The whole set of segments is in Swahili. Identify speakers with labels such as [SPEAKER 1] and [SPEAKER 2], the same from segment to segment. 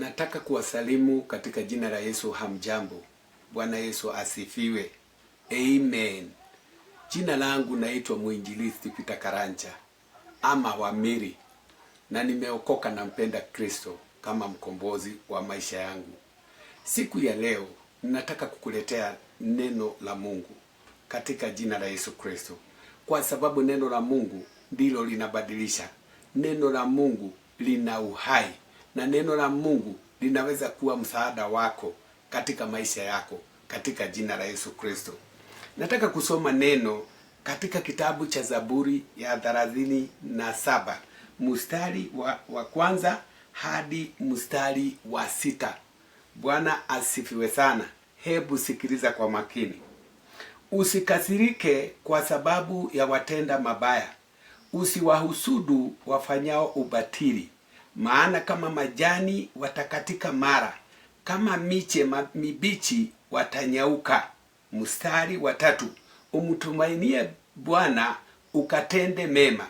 [SPEAKER 1] Nataka kuwasalimu katika jina la Yesu. Hamjambo, Bwana Yesu asifiwe. Amen. Jina langu naitwa mwinjilisti Peter Karanja ama Wamiri, na nimeokoka na mpenda Kristo kama mkombozi wa maisha yangu. Siku ya leo nataka kukuletea neno la Mungu katika jina la Yesu Kristo, kwa sababu neno la Mungu ndilo linabadilisha. Neno la Mungu lina uhai na neno la Mungu linaweza kuwa msaada wako katika maisha yako katika jina la Yesu Kristo. Nataka kusoma neno katika kitabu cha Zaburi ya thelathini na saba mstari wa, wa kwanza hadi mstari wa sita. Bwana asifiwe sana. Hebu sikiliza kwa makini. Usikasirike kwa sababu ya watenda mabaya, usiwahusudu wafanyao ubatili, maana kama majani watakatika mara, kama miche mibichi watanyauka. Mstari wa tatu, umtumainie Bwana ukatende mema,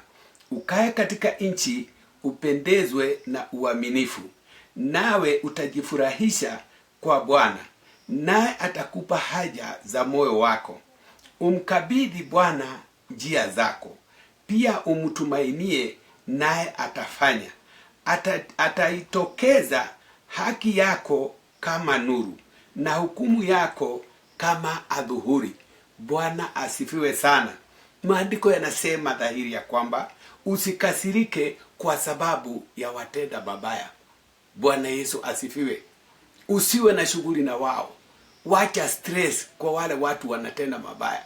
[SPEAKER 1] ukae katika nchi, upendezwe na uaminifu, nawe utajifurahisha kwa Bwana, naye atakupa haja za moyo wako. Umkabidhi Bwana njia zako, pia umtumainie, naye atafanya ataitokeza haki yako kama nuru na hukumu yako kama adhuhuri. Bwana asifiwe sana. Maandiko yanasema dhahiri ya kwamba usikasirike kwa sababu ya watenda mabaya. Bwana Yesu asifiwe. Usiwe na shughuli na wao, wacha stress kwa wale watu wanatenda mabaya,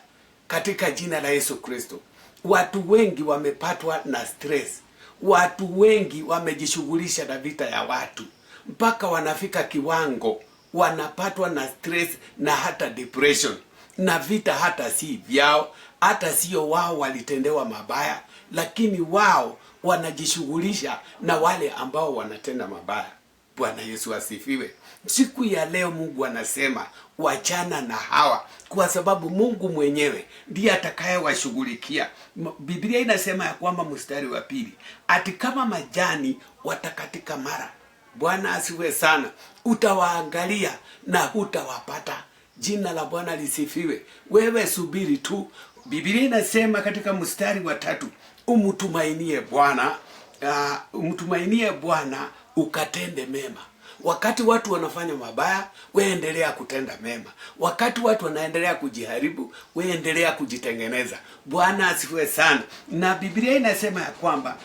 [SPEAKER 1] katika jina la Yesu Kristo. Watu wengi wamepatwa na stress watu wengi wamejishughulisha na vita ya watu mpaka wanafika kiwango wanapatwa na stress na hata depression, na vita hata si vyao, hata sio wao walitendewa mabaya, lakini wao wanajishughulisha na wale ambao wanatenda mabaya. Bwana Yesu asifiwe. Siku ya leo Mungu anasema wachana na hawa, kwa sababu Mungu mwenyewe ndiye atakayewashughulikia. Biblia inasema ya kwamba, mstari wa pili, ati kama majani watakatika mara. Bwana asiwe sana, utawaangalia na hutawapata. Jina la Bwana lisifiwe. Wewe subiri tu. Biblia inasema katika mstari wa tatu, umtumainie Bwana, uh, umtumainie Bwana ukatende mema. Wakati watu wanafanya mabaya, we endelea kutenda mema. Wakati watu wanaendelea kujiharibu, we endelea kujitengeneza. Bwana asifiwe sana. Na Biblia inasema ya kwamba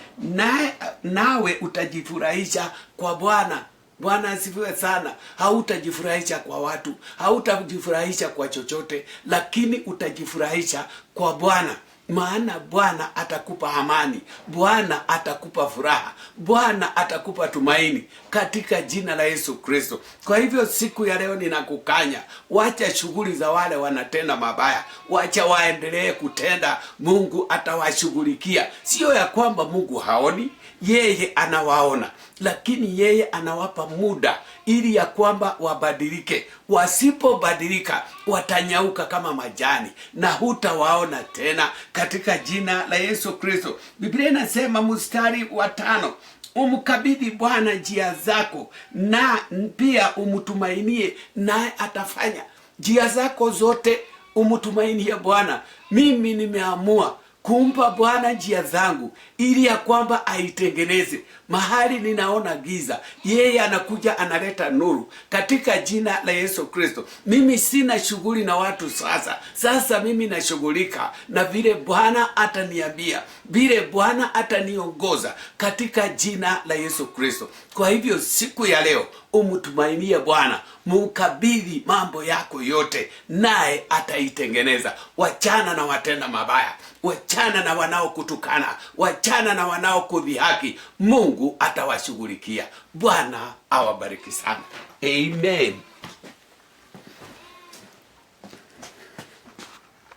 [SPEAKER 1] nawe utajifurahisha kwa Bwana. Bwana asifiwe sana. Hautajifurahisha kwa watu, hautajifurahisha kwa chochote, lakini utajifurahisha kwa Bwana maana Bwana atakupa amani, Bwana atakupa furaha, Bwana atakupa tumaini katika jina la Yesu Kristo. Kwa hivyo siku ya leo ninakukanya, wacha shughuli za wale wanatenda mabaya, wacha waendelee kutenda, Mungu atawashughulikia. Sio ya kwamba Mungu haoni, yeye anawaona lakini yeye anawapa muda ili ya kwamba wabadilike. Wasipobadilika watanyauka kama majani na hutawaona tena, katika jina la Yesu Kristo. Biblia inasema mstari wa tano Umkabidhi Bwana njia zako, na pia umtumainie, naye atafanya. Njia zako zote umtumainie Bwana. Mimi nimeamua kumpa Bwana njia zangu, ili ya kwamba aitengeneze. Mahali ninaona giza, yeye anakuja analeta nuru katika jina la Yesu Kristo. Mimi sina shughuli na watu sasa. Sasa mimi nashughulika na vile Bwana ataniambia, vile Bwana ataniongoza katika jina la Yesu Kristo. Kwa hivyo siku ya leo umtumainie Bwana, mukabidhi mambo yako yote, naye ataitengeneza. Wachana na watenda mabaya, wachana na wanaokutukana, wachana na wanaokudhihaki. Mungu atawashughulikia. Bwana awabariki sana. Amen.